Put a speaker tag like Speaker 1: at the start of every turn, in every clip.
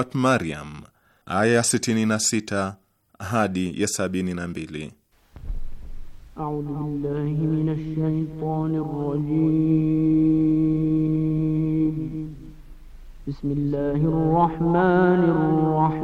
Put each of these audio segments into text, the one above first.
Speaker 1: Surat Maryam aya ya 66 hadi ya 72.
Speaker 2: A'udhu billahi minash shaitanir rajim. Bismillahir rahmanir rahim.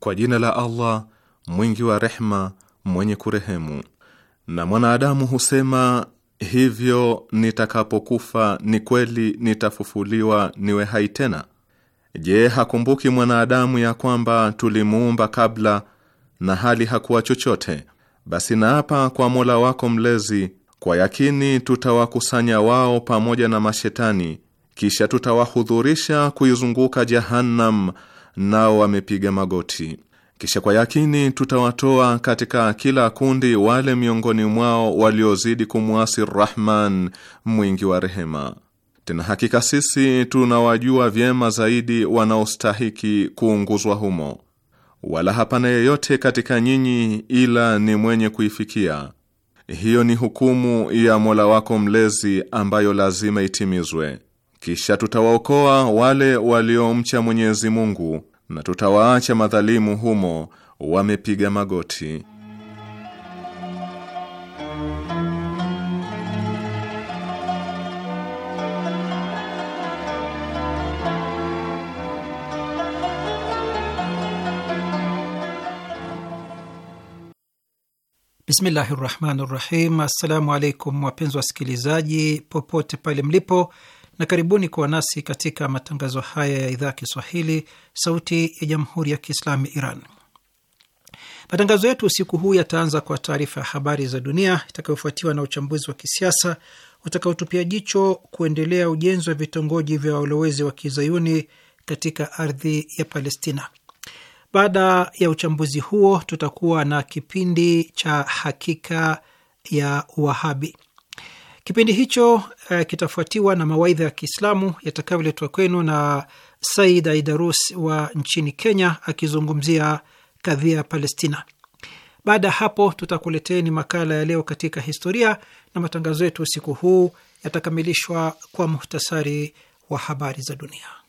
Speaker 1: Kwa jina la Allah mwingi wa rehma mwenye kurehemu. Na mwanadamu husema hivyo, nitakapokufa ni kweli nitafufuliwa niwe hai tena. Je, hakumbuki mwanadamu ya kwamba tulimuumba kabla na hali hakuwa chochote? Basi naapa kwa Mola wako mlezi kwa yakini tutawakusanya wao pamoja na mashetani, kisha tutawahudhurisha kuizunguka Jahannam, nao wamepiga magoti. Kisha kwa yakini tutawatoa katika kila kundi wale miongoni mwao waliozidi kumwasi Rahman mwingi wa rehema. Tena hakika sisi tunawajua vyema zaidi wanaostahiki kuunguzwa humo, wala hapana yeyote katika nyinyi ila ni mwenye kuifikia hiyo ni hukumu ya Mola wako mlezi ambayo lazima itimizwe. Kisha tutawaokoa wale waliomcha Mwenyezi Mungu na tutawaacha madhalimu humo wamepiga magoti.
Speaker 3: Bismillahi rahmani rahim. Assalamu alaikum wapenzi wasikilizaji popote pale mlipo, na karibuni kuwa nasi katika matangazo haya ya idhaa ya Kiswahili sauti ya jamhuri ya Kiislamu Iran. Matangazo yetu usiku huu yataanza kwa taarifa ya habari za dunia itakayofuatiwa na uchambuzi wa kisiasa utakaotupia jicho kuendelea ujenzi wa vitongoji vya walowezi wa kizayuni katika ardhi ya Palestina. Baada ya uchambuzi huo, tutakuwa na kipindi cha hakika ya Wahabi. Kipindi hicho eh, kitafuatiwa na mawaidha ya Kiislamu yatakayoletwa kwenu na Said Aidarus wa nchini Kenya akizungumzia kadhia ya Palestina. Baada ya hapo, tutakuleteni makala ya leo katika historia, na matangazo yetu usiku huu yatakamilishwa kwa muhtasari wa habari za dunia.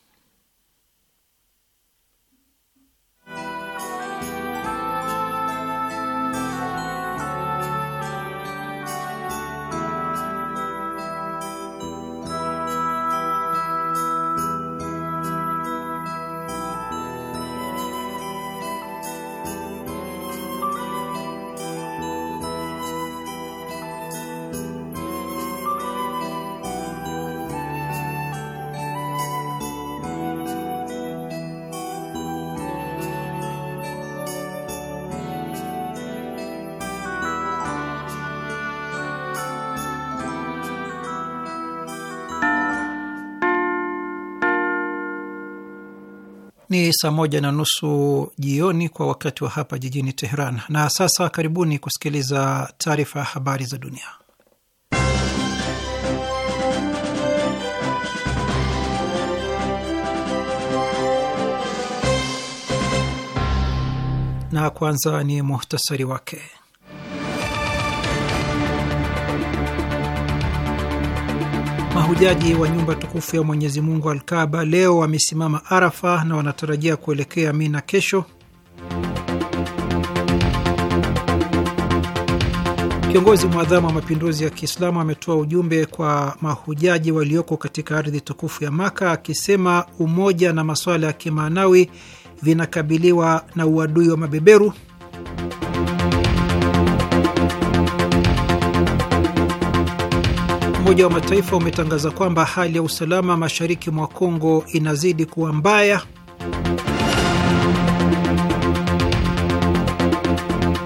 Speaker 3: Ni saa moja na nusu jioni kwa wakati wa hapa jijini Teheran. Na sasa karibuni kusikiliza taarifa ya habari za dunia, na kwanza ni muhtasari wake. Mahujaji wa nyumba tukufu ya Mwenyezi Mungu Alkaba leo wamesimama Arafa na wanatarajia kuelekea Mina kesho. Kiongozi mwadhamu wa mapinduzi ya Kiislamu ametoa ujumbe kwa mahujaji walioko katika ardhi tukufu ya Maka akisema umoja na masuala ya kimaanawi vinakabiliwa na uadui wa mabeberu. Umoja wa Mataifa umetangaza kwamba hali ya usalama mashariki mwa Kongo inazidi kuwa mbaya.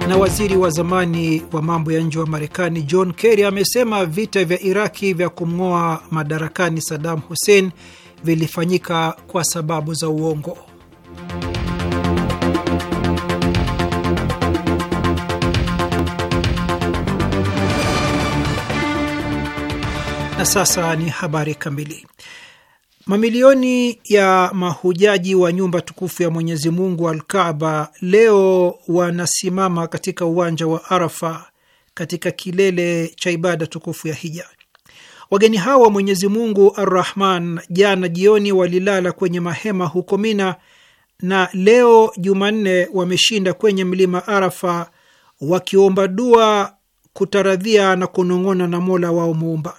Speaker 3: Na waziri wa zamani wa mambo ya nje wa Marekani John Kerry amesema vita vya Iraki vya kumng'oa madarakani Saddam Hussein vilifanyika kwa sababu za uongo. Na sasa ni habari kamili. Mamilioni ya mahujaji wa nyumba tukufu ya Mwenyezi Mungu Alkaaba leo wanasimama katika uwanja wa Arafa katika kilele cha ibada tukufu ya hija. Wageni hawa wa Mwenyezi Mungu Arrahman jana jioni walilala kwenye mahema huko Mina na leo Jumanne wameshinda kwenye mlima Arafa wakiomba dua, kutaradhia na kunong'ona na Mola wao Muumba.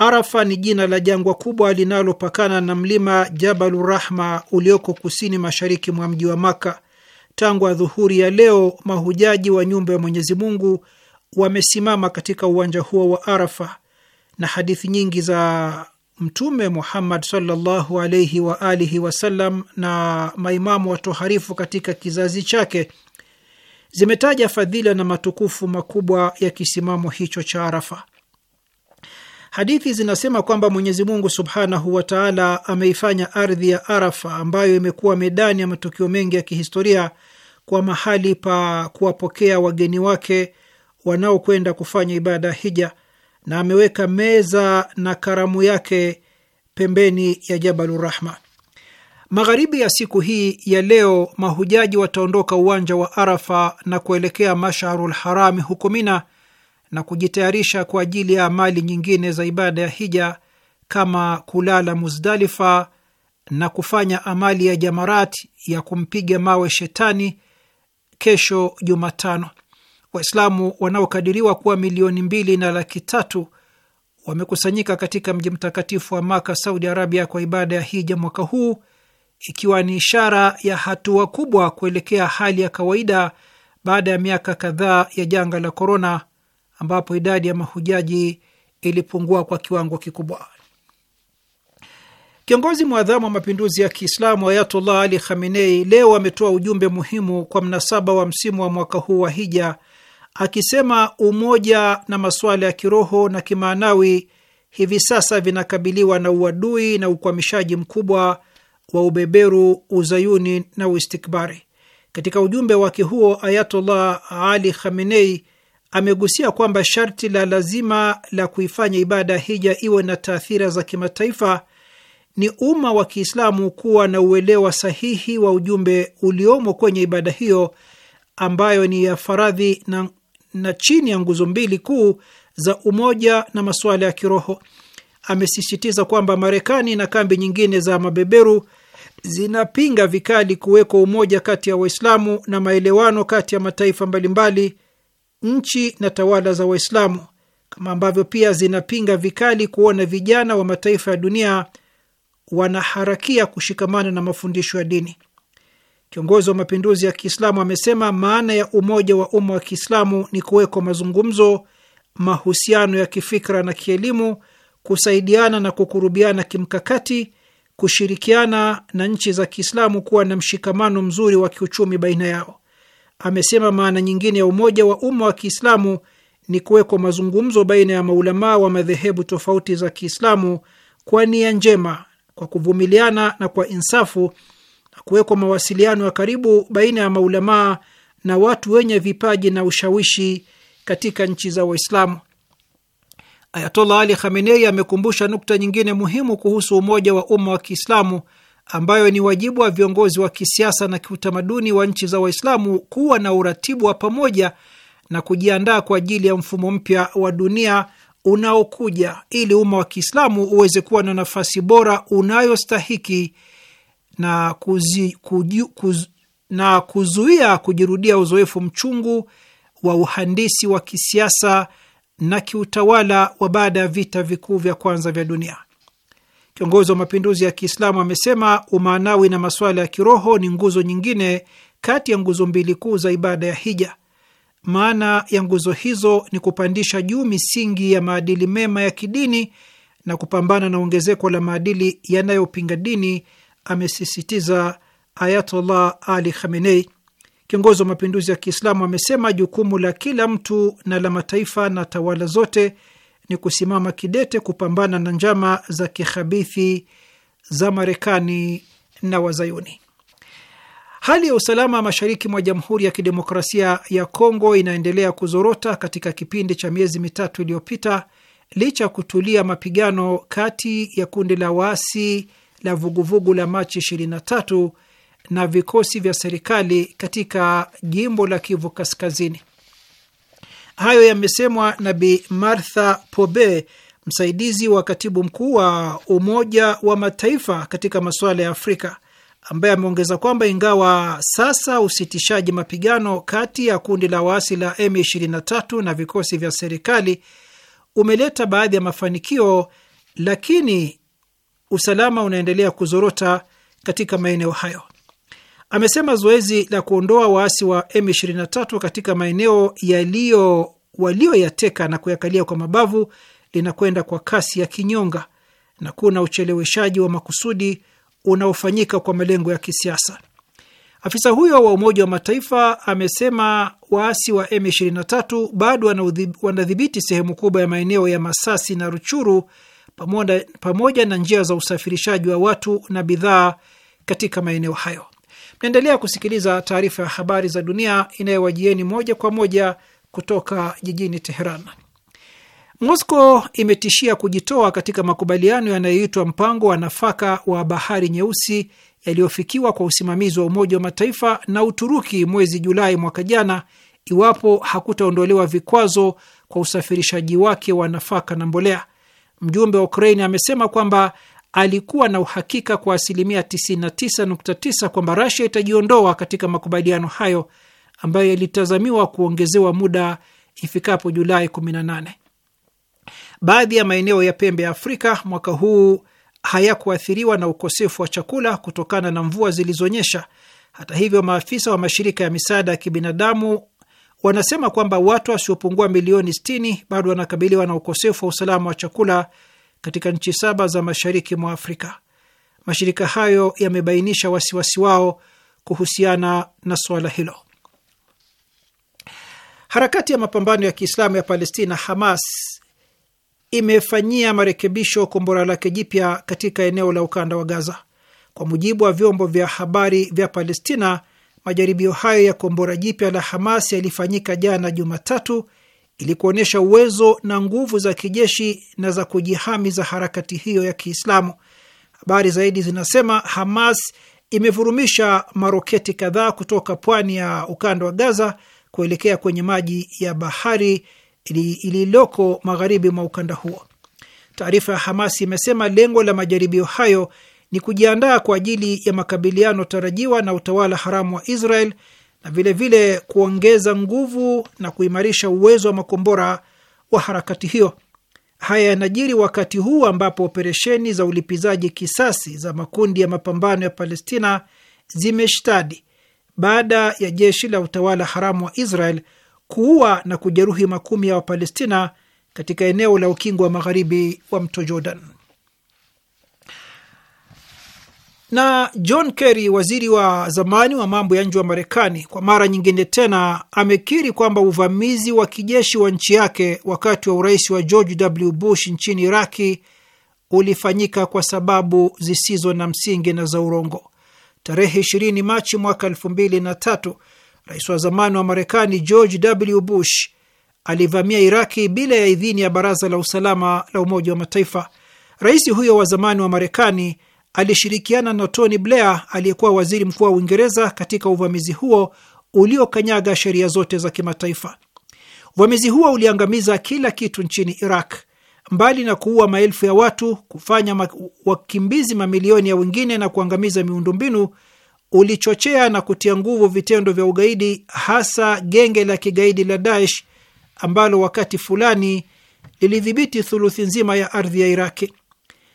Speaker 3: Arafa ni jina la jangwa kubwa linalopakana na mlima Jabalu Rahma ulioko kusini mashariki mwa mji wa Maka. Tangu adhuhuri ya leo, mahujaji wa nyumba ya Mwenyezi Mungu wamesimama katika uwanja huo wa Arafa, na hadithi nyingi za Mtume Muhammad sallallahu alaihi wa alihi wasallam na maimamu watoharifu katika kizazi chake zimetaja fadhila na matukufu makubwa ya kisimamo hicho cha Arafa. Hadithi zinasema kwamba Mwenyezi Mungu subhanahu wa taala ameifanya ardhi ya Arafa ambayo imekuwa medani ya matukio mengi ya kihistoria kwa mahali pa kuwapokea wageni wake wanaokwenda kufanya ibada hija, na ameweka meza na karamu yake pembeni ya Jabalurahma. Magharibi ya siku hii ya leo, mahujaji wataondoka uwanja wa Arafa na kuelekea Masharul Harami huko Mina na kujitayarisha kwa ajili ya amali nyingine za ibada ya hija kama kulala Muzdalifa na kufanya amali ya jamarati ya kumpiga mawe shetani kesho Jumatano. Waislamu wanaokadiriwa kuwa milioni mbili na laki tatu wamekusanyika katika mji mtakatifu wa Maka, Saudi Arabia, kwa ibada ya hija mwaka huu, ikiwa ni ishara ya hatua kubwa kuelekea hali ya kawaida baada ya miaka kadhaa ya janga la korona ambapo idadi ya mahujaji ilipungua kwa kiwango kikubwa. Kiongozi mwadhamu wa mapinduzi ya Kiislamu Ayatullah Ali Khamenei leo ametoa ujumbe muhimu kwa mnasaba wa msimu wa mwaka huu wa hija, akisema umoja na masuala ya kiroho na kimaanawi hivi sasa vinakabiliwa na uadui na ukwamishaji mkubwa wa ubeberu, uzayuni na uistikbari. Katika ujumbe wake huo, Ayatullah Ali Khamenei amegusia kwamba sharti la lazima la kuifanya ibada hija iwe na taathira za kimataifa ni umma wa Kiislamu kuwa na uelewa sahihi wa ujumbe uliomo kwenye ibada hiyo ambayo ni ya faradhi na, na chini ya nguzo mbili kuu za umoja na masuala ya kiroho. Amesisitiza kwamba Marekani na kambi nyingine za mabeberu zinapinga vikali kuwekwa umoja kati ya Waislamu na maelewano kati ya mataifa mbalimbali nchi na tawala za Waislamu, kama ambavyo pia zinapinga vikali kuona vijana wa mataifa ya dunia wanaharakia kushikamana na mafundisho ya dini. Kiongozi wa mapinduzi ya Kiislamu amesema maana ya umoja wa umma wa Kiislamu ni kuwekwa mazungumzo, mahusiano ya kifikra na kielimu, kusaidiana na kukurubiana kimkakati, kushirikiana na nchi za Kiislamu, kuwa na mshikamano mzuri wa kiuchumi baina yao amesema maana nyingine ya umoja wa umma wa Kiislamu ni kuwekwa mazungumzo baina ya maulamaa wa madhehebu tofauti za Kiislamu kwa nia njema, kwa kuvumiliana na kwa insafu, na kuwekwa mawasiliano ya karibu baina ya maulamaa na watu wenye vipaji na ushawishi katika nchi za Waislamu. Ayatollah Ali Khamenei amekumbusha nukta nyingine muhimu kuhusu umoja wa umma wa Kiislamu ambayo ni wajibu wa viongozi wa kisiasa na kiutamaduni wa nchi za Waislamu kuwa na uratibu wa pamoja na kujiandaa kwa ajili ya mfumo mpya wa dunia unaokuja ili umma wa Kiislamu uweze kuwa na nafasi bora unayostahiki na, kuzi, kuju, kuz, na kuzuia kujirudia uzoefu mchungu wa uhandisi wa kisiasa na kiutawala wa baada ya vita vikuu vya kwanza vya dunia. Kiongozi wa mapinduzi ya Kiislamu amesema umaanawi na masuala ya kiroho ni nguzo nyingine kati ya nguzo mbili kuu za ibada ya hija. Maana ya nguzo hizo ni kupandisha juu misingi ya maadili mema ya kidini na kupambana na ongezeko la maadili yanayopinga dini, amesisitiza Ayatollah Ali Khamenei. Kiongozi wa mapinduzi ya Kiislamu amesema jukumu la kila mtu na la mataifa na tawala zote ni kusimama kidete kupambana na njama za kihabithi za Marekani na Wazayuni. Hali ya usalama mashariki mwa Jamhuri ya Kidemokrasia ya Kongo inaendelea kuzorota katika kipindi cha miezi mitatu iliyopita, licha ya kutulia mapigano kati ya kundi la waasi la vuguvugu la Machi 23 na vikosi vya serikali katika jimbo la Kivu Kaskazini. Hayo yamesemwa na Bi Martha Pobe, msaidizi wa katibu mkuu wa Umoja wa Mataifa katika masuala ya Afrika, ambaye ameongeza kwamba ingawa sasa usitishaji mapigano kati ya kundi la waasi la M23 na vikosi vya serikali umeleta baadhi ya mafanikio, lakini usalama unaendelea kuzorota katika maeneo hayo. Amesema zoezi la kuondoa waasi wa M23 katika maeneo yaliyo walioyateka na kuyakalia kwa mabavu linakwenda kwa kasi ya kinyonga na kuna ucheleweshaji wa makusudi unaofanyika kwa malengo ya kisiasa. Afisa huyo wa Umoja wa Mataifa amesema waasi wa M23 bado wanadhibiti sehemu kubwa ya maeneo ya Masasi na Ruchuru pamoja, pamoja na njia za usafirishaji wa watu na bidhaa katika maeneo hayo naendelea kusikiliza taarifa ya habari za dunia inayowajieni moja kwa moja kutoka jijini Teheran. Moscow imetishia kujitoa katika makubaliano yanayoitwa mpango wa nafaka wa bahari nyeusi yaliyofikiwa kwa usimamizi wa Umoja wa Mataifa na Uturuki mwezi Julai mwaka jana iwapo hakutaondolewa vikwazo kwa usafirishaji wake wa nafaka na mbolea. Mjumbe wa Ukraini amesema kwamba alikuwa na uhakika kwa asilimia 99.9 kwamba Rasia itajiondoa katika makubaliano hayo ambayo yalitazamiwa kuongezewa muda ifikapo Julai 18. Baadhi ya maeneo ya pembe ya Afrika mwaka huu hayakuathiriwa na ukosefu wa chakula kutokana na mvua zilizonyesha. Hata hivyo, maafisa wa mashirika ya misaada ya kibinadamu wanasema kwamba watu wasiopungua milioni 60 bado wanakabiliwa na ukosefu wa usalama wa chakula katika nchi saba za mashariki mwa Afrika. Mashirika hayo yamebainisha wasiwasi wao kuhusiana na suala hilo. Harakati ya mapambano ya Kiislamu ya Palestina, Hamas, imefanyia marekebisho kombora lake jipya katika eneo la ukanda wa Gaza. Kwa mujibu wa vyombo vya habari vya Palestina, majaribio hayo ya kombora jipya la Hamas yalifanyika jana Jumatatu ili kuonyesha uwezo na nguvu za kijeshi na za kujihami za harakati hiyo ya Kiislamu. Habari zaidi zinasema Hamas imevurumisha maroketi kadhaa kutoka pwani ya ukanda wa Gaza kuelekea kwenye maji ya bahari ililoko magharibi mwa ukanda huo. Taarifa ya Hamas imesema lengo la majaribio hayo ni kujiandaa kwa ajili ya makabiliano tarajiwa na utawala haramu wa Israel na vilevile vile kuongeza nguvu na kuimarisha uwezo wa makombora wa harakati hiyo. Haya yanajiri wakati huu ambapo operesheni za ulipizaji kisasi za makundi ya mapambano ya Palestina zimeshtadi baada ya jeshi la utawala haramu wa Israel kuua na kujeruhi makumi ya Wapalestina katika eneo la ukingo wa magharibi wa mto Jordan. Na John Kerry, waziri wa zamani wa mambo ya nje wa Marekani, kwa mara nyingine tena amekiri kwamba uvamizi wa kijeshi wa nchi yake wakati wa urais wa George W. Bush nchini Iraki ulifanyika kwa sababu zisizo na msingi na za urongo. Tarehe 20 Machi mwaka 2003 rais wa zamani wa Marekani George W. Bush alivamia Iraki bila ya idhini ya Baraza la Usalama la Umoja wa Mataifa. Rais huyo wa zamani wa Marekani alishirikiana na Tony Blair aliyekuwa waziri mkuu wa Uingereza katika uvamizi huo uliokanyaga sheria zote za kimataifa. Uvamizi huo uliangamiza kila kitu nchini Iraq. Mbali na kuua maelfu ya watu, kufanya wakimbizi mamilioni ya wengine na kuangamiza miundombinu, ulichochea na kutia nguvu vitendo vya ugaidi, hasa genge la kigaidi la Daesh ambalo wakati fulani lilidhibiti thuluthi nzima ya ardhi ya Iraki.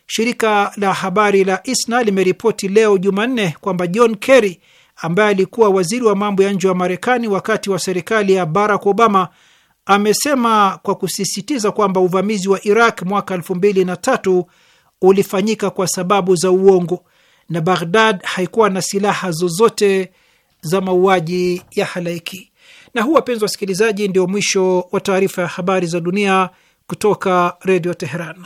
Speaker 3: Shirika la habari la ISNA limeripoti leo Jumanne kwamba John Kerry ambaye alikuwa waziri wa mambo ya nje wa Marekani wakati wa serikali ya Barack Obama amesema kwa kusisitiza kwamba uvamizi wa Iraq mwaka 2003 ulifanyika kwa sababu za uongo na Baghdad haikuwa na silaha zozote za mauaji ya halaiki. Na huu, wapenzi wasikilizaji, ndio mwisho wa taarifa ya habari za dunia kutoka Redio Teheran.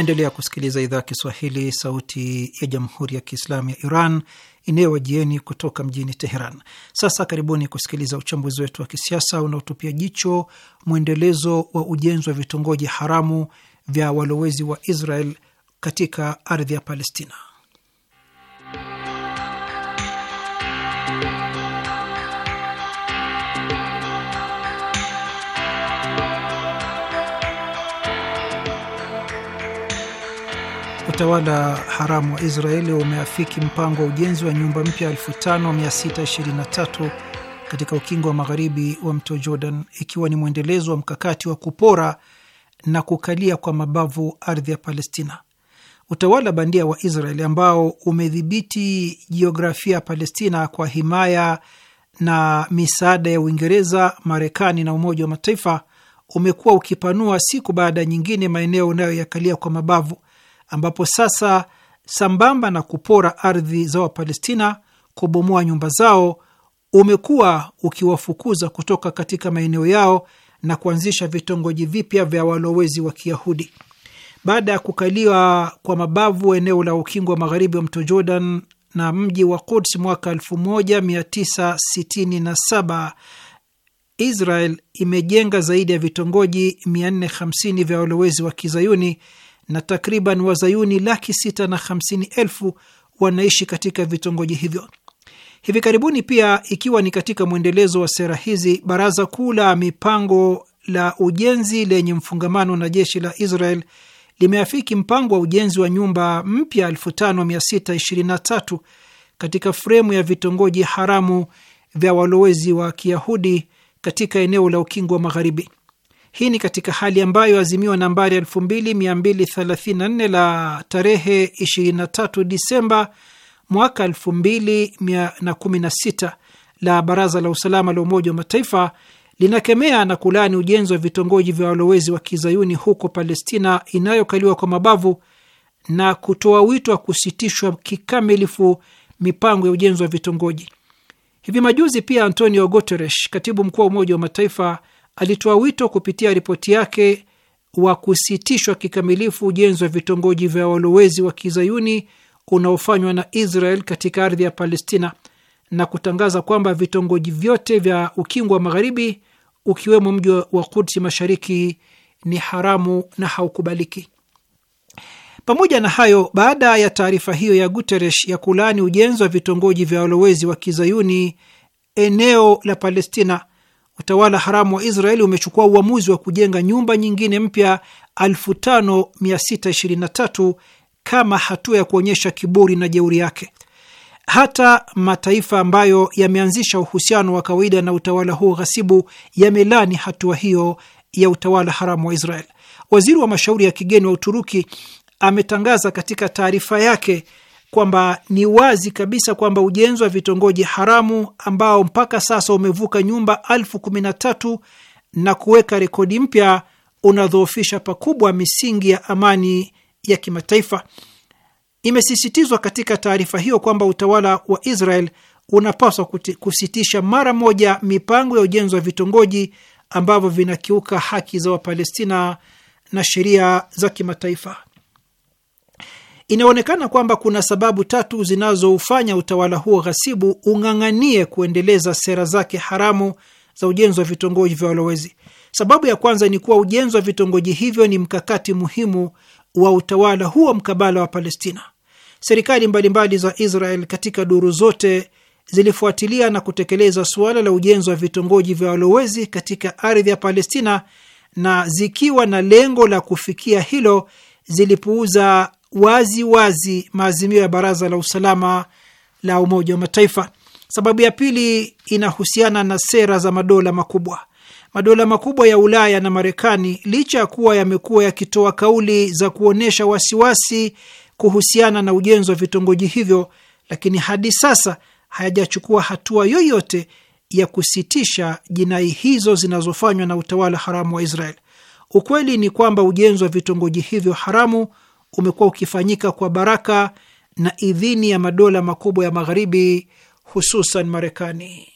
Speaker 3: Naendelea kusikiliza idhaa ya Kiswahili, sauti ya jamhuri ya kiislamu ya Iran inayowajieni kutoka mjini Teheran. Sasa karibuni kusikiliza uchambuzi wetu wa kisiasa unaotupia jicho mwendelezo wa ujenzi wa vitongoji haramu vya walowezi wa Israel katika ardhi ya Palestina. utawala haramu wa Israeli umeafiki mpango wa ujenzi wa nyumba mpya 5623 katika ukingo wa magharibi wa mto Jordan, ikiwa ni mwendelezo wa mkakati wa kupora na kukalia kwa mabavu ardhi ya Palestina. Utawala bandia wa Israeli ambao umedhibiti jiografia ya Palestina kwa himaya na misaada ya Uingereza, Marekani na Umoja wa Mataifa umekuwa ukipanua siku baada nyingine maeneo unayoyakalia kwa mabavu ambapo sasa sambamba na kupora ardhi za Wapalestina, kubomoa nyumba zao, umekuwa ukiwafukuza kutoka katika maeneo yao na kuanzisha vitongoji vipya vya walowezi wa Kiyahudi. Baada ya kukaliwa kwa mabavu eneo la ukingo wa magharibi wa mto Jordan na mji wa Quds mwaka 1967 Israel imejenga zaidi ya vitongoji 450 vya walowezi wa Kizayuni na takriban wazayuni laki sita na hamsini elfu wanaishi katika vitongoji hivyo. Hivi karibuni pia, ikiwa ni katika mwendelezo wa sera hizi, baraza kuu la mipango la ujenzi lenye mfungamano na jeshi la Israel limeafiki mpango wa ujenzi wa nyumba mpya 5623 katika fremu ya vitongoji haramu vya walowezi wa Kiyahudi katika eneo la Ukingo wa Magharibi. Hii ni katika hali ambayo azimio nambari 2234 la tarehe 23 Disemba mwaka 2016 la Baraza la Usalama la Umoja wa Mataifa linakemea na kulaani ujenzi wa vitongoji vya walowezi wa kizayuni huko Palestina inayokaliwa kwa mabavu na kutoa wito wa kusitishwa kikamilifu mipango ya ujenzi wa vitongoji. Hivi majuzi pia Antonio Guterres, katibu mkuu wa Umoja wa Mataifa, alitoa wito kupitia ripoti yake wa kusitishwa kikamilifu ujenzi wa vitongoji vya walowezi wa kizayuni unaofanywa na Israel katika ardhi ya Palestina na kutangaza kwamba vitongoji vyote vya ukingo wa Magharibi ukiwemo mji wa Kudsi Mashariki ni haramu na haukubaliki. Pamoja na hayo, baada ya taarifa hiyo ya Guterres ya kulaani ujenzi wa vitongoji vya walowezi wa kizayuni eneo la Palestina, utawala haramu wa Israeli umechukua uamuzi wa kujenga nyumba nyingine mpya 5623 kama hatua ya kuonyesha kiburi na jeuri yake. Hata mataifa ambayo yameanzisha uhusiano wa kawaida na utawala huo ghasibu yamelani hatua hiyo ya utawala haramu wa Israel. Waziri wa mashauri ya kigeni wa Uturuki ametangaza katika taarifa yake kwamba ni wazi kabisa kwamba ujenzi wa vitongoji haramu ambao mpaka sasa umevuka nyumba elfu kumi na tatu na kuweka rekodi mpya unadhoofisha pakubwa misingi ya amani ya kimataifa. Imesisitizwa katika taarifa hiyo kwamba utawala wa Israel unapaswa kusitisha mara moja mipango ya ujenzi wa vitongoji ambavyo vinakiuka haki za Wapalestina na sheria za kimataifa. Inaonekana kwamba kuna sababu tatu zinazoufanya utawala huo ghasibu ung'ang'anie kuendeleza sera zake haramu za ujenzi wa vitongoji vya walowezi. Sababu ya kwanza ni kuwa ujenzi wa vitongoji hivyo ni mkakati muhimu wa utawala huo mkabala wa Palestina. Serikali mbalimbali za Israel katika duru zote zilifuatilia na kutekeleza suala la ujenzi wa vitongoji vya walowezi katika ardhi ya Palestina, na zikiwa na lengo la kufikia hilo zilipuuza wazi wazi maazimio ya Baraza la Usalama la Umoja wa Mataifa. Sababu ya pili inahusiana na sera za madola makubwa. Madola makubwa ya Ulaya na Marekani, licha ya kuwa yamekuwa yakitoa kauli za kuonyesha wasiwasi kuhusiana na ujenzi wa vitongoji hivyo, lakini hadi sasa hayajachukua hatua yoyote ya kusitisha jinai hizo zinazofanywa na utawala haramu wa Israel. Ukweli ni kwamba ujenzi wa vitongoji hivyo haramu umekuwa ukifanyika kwa baraka na idhini ya madola makubwa ya Magharibi, hususan Marekani.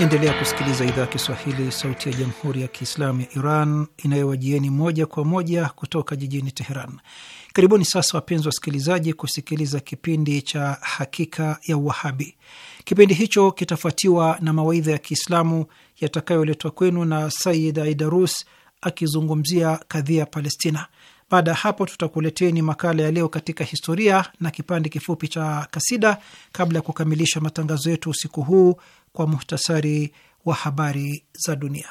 Speaker 3: Endelea kusikiliza idhaa ya Kiswahili, sauti ya jamhuri ya kiislamu ya Iran inayowajieni moja kwa moja kutoka jijini Teheran. Karibuni sasa, wapenzi wasikilizaji, kusikiliza kipindi cha Hakika ya Uwahabi. Kipindi hicho kitafuatiwa na mawaidha ya Kiislamu yatakayoletwa kwenu na Sayid Aidarus akizungumzia kadhia Palestina. Baada ya hapo, tutakuleteni makala ya leo katika historia na kipande kifupi cha kasida kabla ya kukamilisha matangazo yetu usiku huu kwa muhtasari wa habari za dunia.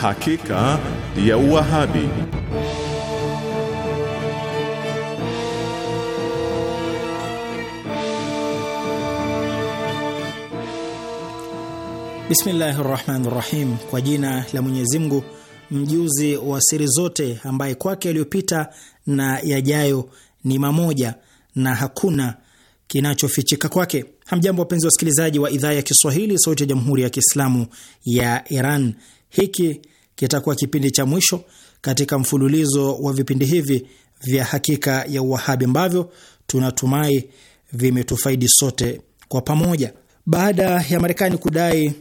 Speaker 1: Hakika ya Uwahabi.
Speaker 4: Bismillahi rahmani rahim, kwa jina la Mwenyezi Mungu mjuzi wa siri zote, ambaye kwake yaliyopita na yajayo ni mamoja na hakuna kinachofichika kwake. Hamjambo, wapenzi wasikilizaji wa idhaa ya Kiswahili, sauti ya jamhuri ya kiislamu ya Iran. Hiki kitakuwa kipindi cha mwisho katika mfululizo wa vipindi hivi vya Hakika ya Uwahabi ambavyo tunatumai vimetufaidi sote kwa pamoja. Baada ya Marekani kudai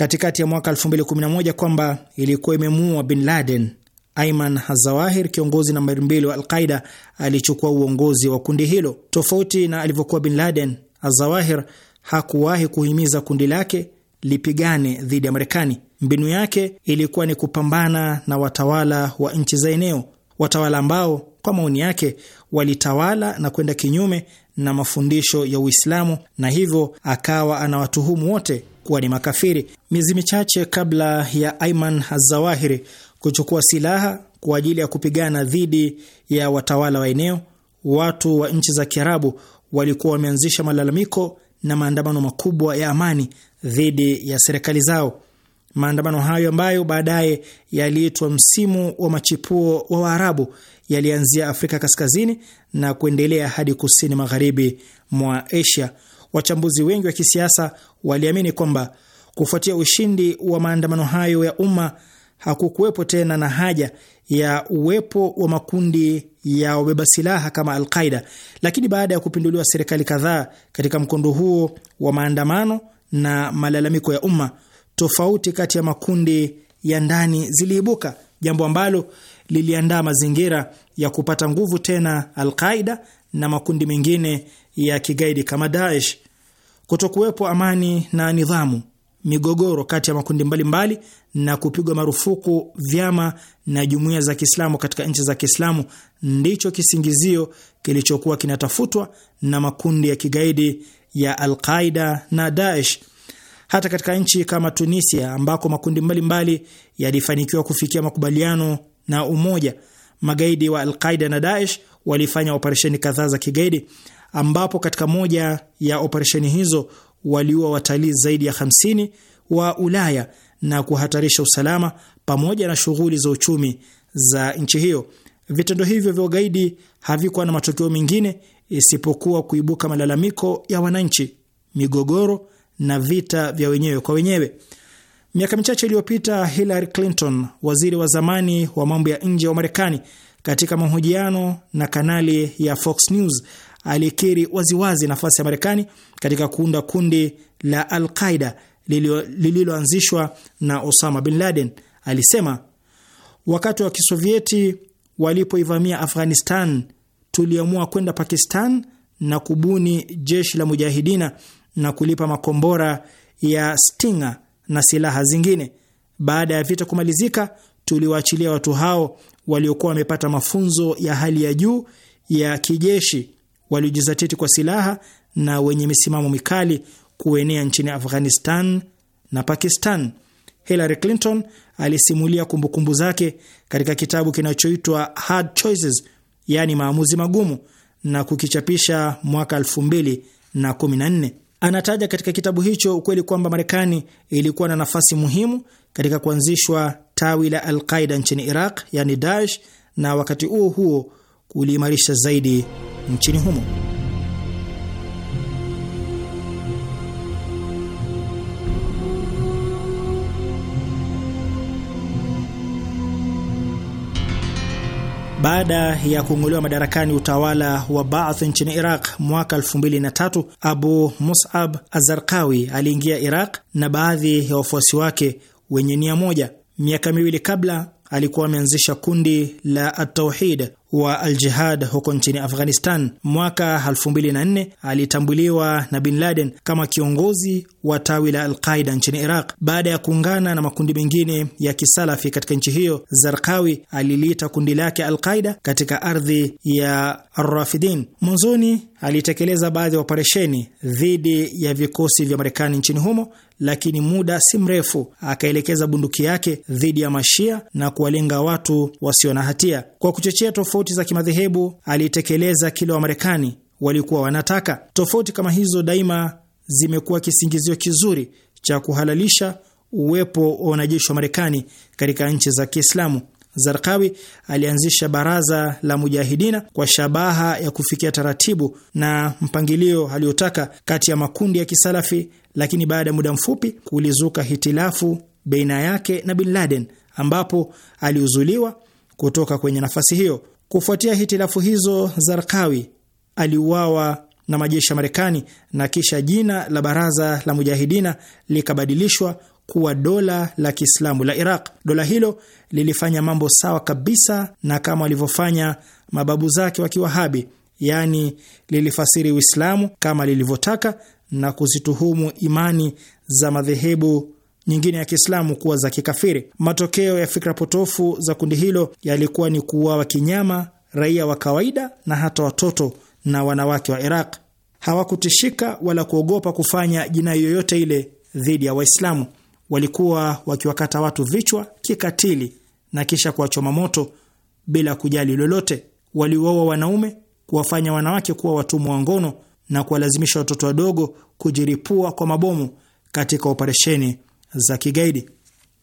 Speaker 4: katikati ya mwaka 2011 kwamba ilikuwa imemuua Bin Laden. Aiman Hazawahir, kiongozi nambari mbili wa Alqaida, alichukua uongozi wa kundi hilo. Tofauti na alivyokuwa Bin Laden, Azawahir hakuwahi kuhimiza kundi lake lipigane dhidi ya Marekani. Mbinu yake ilikuwa ni kupambana na watawala wa nchi za eneo, watawala ambao kwa maoni yake walitawala na kwenda kinyume na mafundisho ya Uislamu, na hivyo akawa anawatuhumu wote kuwa ni makafiri. Miezi michache kabla ya Aiman Azawahiri kuchukua silaha kwa ajili ya kupigana dhidi ya watawala wa eneo, watu wa nchi za Kiarabu walikuwa wameanzisha malalamiko na maandamano makubwa ya amani dhidi ya serikali zao. Maandamano hayo ambayo baadaye yaliitwa msimu wa machipuo wa Waarabu yalianzia Afrika Kaskazini na kuendelea hadi kusini magharibi mwa Asia wachambuzi wengi wa kisiasa waliamini kwamba kufuatia ushindi wa maandamano hayo ya umma hakukuwepo tena na haja ya uwepo wa makundi ya wabeba silaha kama Alqaida. Lakini baada ya kupinduliwa serikali kadhaa katika mkondo huo wa maandamano na malalamiko ya umma, tofauti kati ya makundi ya ndani ziliibuka, jambo ambalo liliandaa mazingira ya kupata nguvu tena Alqaida na makundi mengine ya kigaidi kama Daesh. Kutokuwepo amani na nidhamu, migogoro kati ya makundi mbalimbali mbali, na kupigwa marufuku vyama na jumuiya za Kiislamu katika nchi za Kiislamu ndicho kisingizio kilichokuwa kinatafutwa na makundi ya kigaidi ya Alqaida na Daesh. Hata katika nchi kama Tunisia ambako makundi mbalimbali yalifanikiwa kufikia makubaliano na umoja, magaidi wa Alqaida na Daesh walifanya operesheni kadhaa za kigaidi ambapo katika moja ya operesheni hizo waliua watalii zaidi ya 50 wa Ulaya na kuhatarisha usalama pamoja na shughuli za uchumi za nchi hiyo. Vitendo hivyo vya ugaidi havikuwa na matokeo mengine isipokuwa kuibuka malalamiko ya wananchi, migogoro na vita vya wenyewe kwa wenyewe. Miaka michache iliyopita, Hillary Clinton, waziri wa zamani wa mambo ya nje wa Marekani, katika mahojiano na kanali ya Fox News alikiri waziwazi nafasi ya Marekani katika kuunda kundi la Al-Qaida lililoanzishwa na Osama bin Laden. Alisema wakati wa Kisovieti walipoivamia Afghanistan, tuliamua kwenda Pakistan na kubuni jeshi la mujahidina na kulipa makombora ya Stinger na silaha zingine. Baada ya vita kumalizika, tuliwaachilia watu hao waliokuwa wamepata mafunzo ya hali ya juu ya kijeshi waliojizatiti kwa silaha na wenye misimamo mikali kuenea nchini Afghanistan na Pakistan. Hillary Clinton alisimulia kumbukumbu zake katika kitabu kinachoitwa Hard Choices, yaani maamuzi magumu, na kukichapisha mwaka 2014. Anataja katika kitabu hicho ukweli kwamba Marekani ilikuwa na nafasi muhimu katika kuanzishwa tawi la alqaida nchini Iraq, yani Daesh, na wakati huo huo kuliimarisha zaidi nchini humo. Baada ya kung'olewa madarakani utawala wa Baath nchini Iraq mwaka 2003, Abu Musab Azarqawi aliingia Iraq na baadhi ya wafuasi wake wenye nia moja. Miaka miwili kabla alikuwa ameanzisha kundi la Atauhid wa Aljihad huko nchini Afghanistan. Mwaka 2004 alitambuliwa na Bin Laden kama kiongozi wa tawi la Alqaida nchini Iraq. Baada ya kuungana na makundi mengine ya kisalafi katika nchi hiyo, Zarqawi aliliita kundi lake Alqaida katika ardhi ya Arrafidin. Mwanzoni alitekeleza baadhi ya operesheni dhidi ya vikosi vya Marekani nchini humo lakini muda si mrefu akaelekeza bunduki yake dhidi ya Mashia na kuwalenga watu wasio na hatia. Kwa kuchochea tofauti za kimadhehebu, alitekeleza kile Wamarekani walikuwa wanataka. Tofauti kama hizo daima zimekuwa kisingizio kizuri cha kuhalalisha uwepo wa wanajeshi wa Marekani katika nchi za Kiislamu. Zarqawi alianzisha baraza la mujahidina kwa shabaha ya kufikia taratibu na mpangilio aliyotaka kati ya makundi ya kisalafi, lakini baada ya muda mfupi kulizuka hitilafu baina yake na bin Laden, ambapo aliuzuliwa kutoka kwenye nafasi hiyo. Kufuatia hitilafu hizo, Zarqawi aliuawa na majeshi ya Marekani na kisha jina la baraza la mujahidina likabadilishwa kuwa dola la Kiislamu la Iraq. Dola hilo lilifanya mambo sawa kabisa na kama walivyofanya mababu zake wa Kiwahabi, yaani lilifasiri Uislamu kama lilivyotaka na kuzituhumu imani za madhehebu nyingine ya Kiislamu kuwa za kikafiri. Matokeo ya fikra potofu za kundi hilo yalikuwa ni kuuawa kinyama raia wa kawaida na hata watoto na wanawake wa Iraq. Hawakutishika wala kuogopa kufanya jinai yoyote ile dhidi ya Waislamu walikuwa wakiwakata watu vichwa kikatili na kisha kuwachoma moto bila kujali lolote. Waliwaua wanaume, kuwafanya wanawake kuwa watumwa wa ngono na kuwalazimisha watoto wadogo kujiripua kwa mabomu katika operesheni za kigaidi.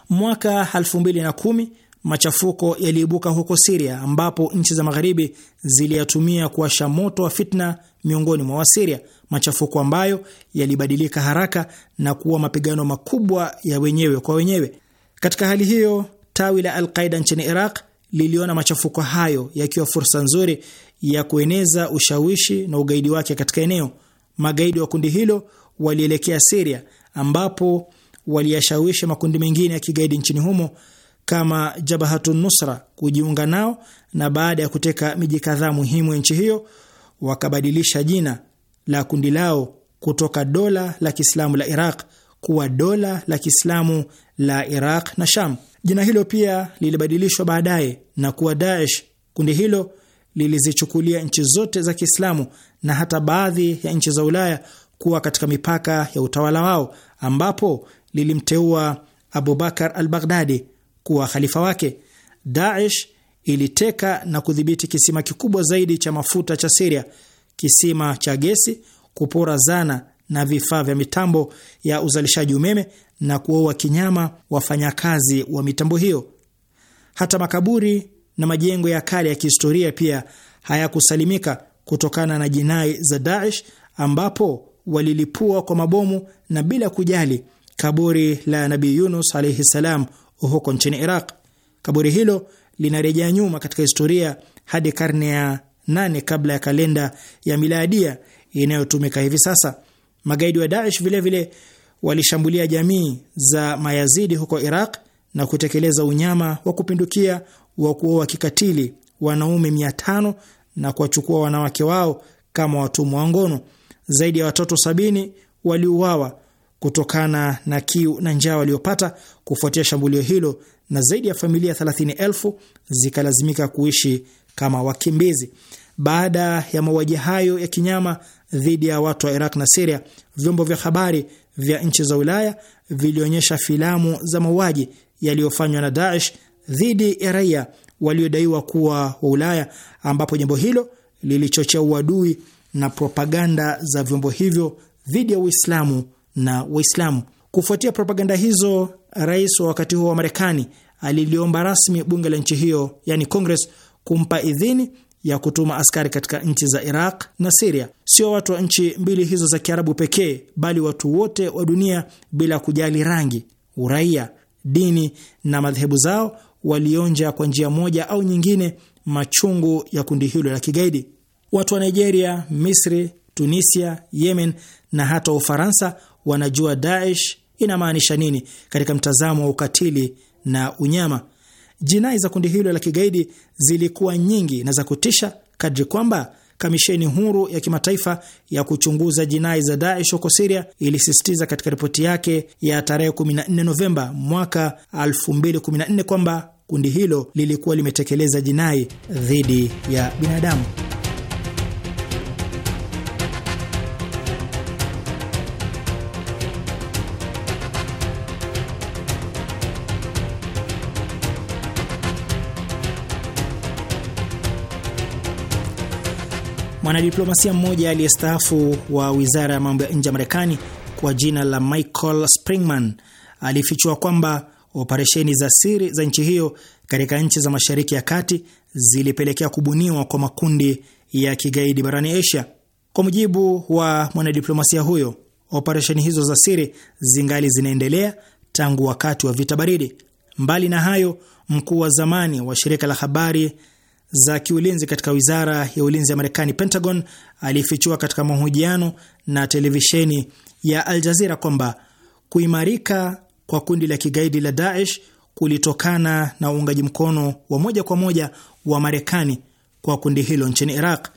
Speaker 4: Mwaka 2010 machafuko yaliibuka huko Siria, ambapo nchi za magharibi ziliyatumia kuwasha moto wa fitna miongoni mwa Wasiria, machafuko ambayo yalibadilika haraka na kuwa mapigano makubwa ya wenyewe kwa wenyewe. Katika hali hiyo, tawi la Alqaida nchini Iraq liliona machafuko hayo yakiwa fursa nzuri ya kueneza ushawishi na ugaidi wake katika eneo. Magaidi wa kundi hilo walielekea Siria, ambapo waliyashawishi makundi mengine ya kigaidi nchini humo kama Jabahatun Nusra kujiunga nao, na baada ya kuteka miji kadhaa muhimu ya nchi hiyo wakabadilisha jina la kundi lao kutoka dola la Kiislamu la Iraq kuwa dola la Kiislamu la Iraq na Sham. Jina hilo pia lilibadilishwa baadaye na kuwa Daesh. Kundi hilo lilizichukulia nchi zote za Kiislamu na hata baadhi ya nchi za Ulaya kuwa katika mipaka ya utawala wao, ambapo lilimteua Abubakar al-Baghdadi kuwa khalifa wake. Daesh iliteka na kudhibiti kisima kikubwa zaidi cha mafuta cha Siria, kisima cha gesi, kupora zana na vifaa vya mitambo ya uzalishaji umeme na kuwaua kinyama wafanyakazi wa mitambo hiyo. Hata makaburi na majengo ya kale ya kihistoria pia hayakusalimika kutokana na jinai za Daesh, ambapo walilipua kwa mabomu na bila kujali kaburi la Nabii Yunus alaihi salam huko nchini Iraq. Kaburi hilo linarejea nyuma katika historia hadi karne ya nane kabla ya kalenda ya miladia inayotumika hivi sasa. Magaidi wa Daesh vilevile walishambulia jamii za Mayazidi huko Iraq na kutekeleza unyama wa kupindukia wa kuoa kikatili wanaume mia tano na kuwachukua wanawake wao kama watumwa wa ngono. Zaidi ya watoto sabini waliuawa kutokana na kiu na njaa waliopata kufuatia shambulio hilo, na zaidi ya familia 30,000 zikalazimika kuishi kama wakimbizi. Baada ya mauaji hayo ya kinyama dhidi ya watu wa Iraq na Siria, vyombo vya habari vya nchi za Ulaya vilionyesha filamu za mauaji yaliyofanywa na Daesh dhidi ya raia waliodaiwa kuwa wa Ulaya, ambapo jambo hilo lilichochea uadui na propaganda za vyombo hivyo dhidi ya Uislamu na Waislamu. Kufuatia propaganda hizo, rais wa wakati huo wa Marekani aliliomba rasmi bunge la nchi hiyo, yani Congress, kumpa idhini ya kutuma askari katika nchi za Iraq na Siria. Sio watu wa nchi mbili hizo za Kiarabu pekee, bali watu wote wa dunia bila kujali rangi, uraia, dini na madhehebu zao, walionja kwa njia moja au nyingine machungu ya kundi hilo la kigaidi. Watu wa Nigeria, Misri, Tunisia, Yemen na hata Ufaransa wanajua Daesh inamaanisha nini katika mtazamo wa ukatili na unyama. Jinai za kundi hilo la kigaidi zilikuwa nyingi na za kutisha kadri kwamba kamisheni huru ya kimataifa ya kuchunguza jinai za Daesh huko Siria ilisisitiza katika ripoti yake ya tarehe 14 Novemba mwaka 2014 kwamba kundi hilo lilikuwa limetekeleza jinai dhidi ya binadamu. Mwanadiplomasia mmoja aliyestaafu wa wizara ya mambo ya nje ya Marekani kwa jina la Michael Springman alifichua kwamba operesheni za siri za nchi hiyo katika nchi za Mashariki ya Kati zilipelekea kubuniwa kwa makundi ya kigaidi barani Asia. Kwa mujibu wa mwanadiplomasia huyo, operesheni hizo za siri zingali zinaendelea tangu wakati wa vita baridi. Mbali na hayo, mkuu wa zamani wa shirika la habari za kiulinzi katika wizara ya ulinzi ya Marekani, Pentagon, alifichua katika mahojiano na televisheni ya Al Jazeera kwamba kuimarika kwa kundi la kigaidi la Daesh kulitokana na uungaji mkono wa moja kwa moja wa Marekani kwa kundi hilo nchini Iraq.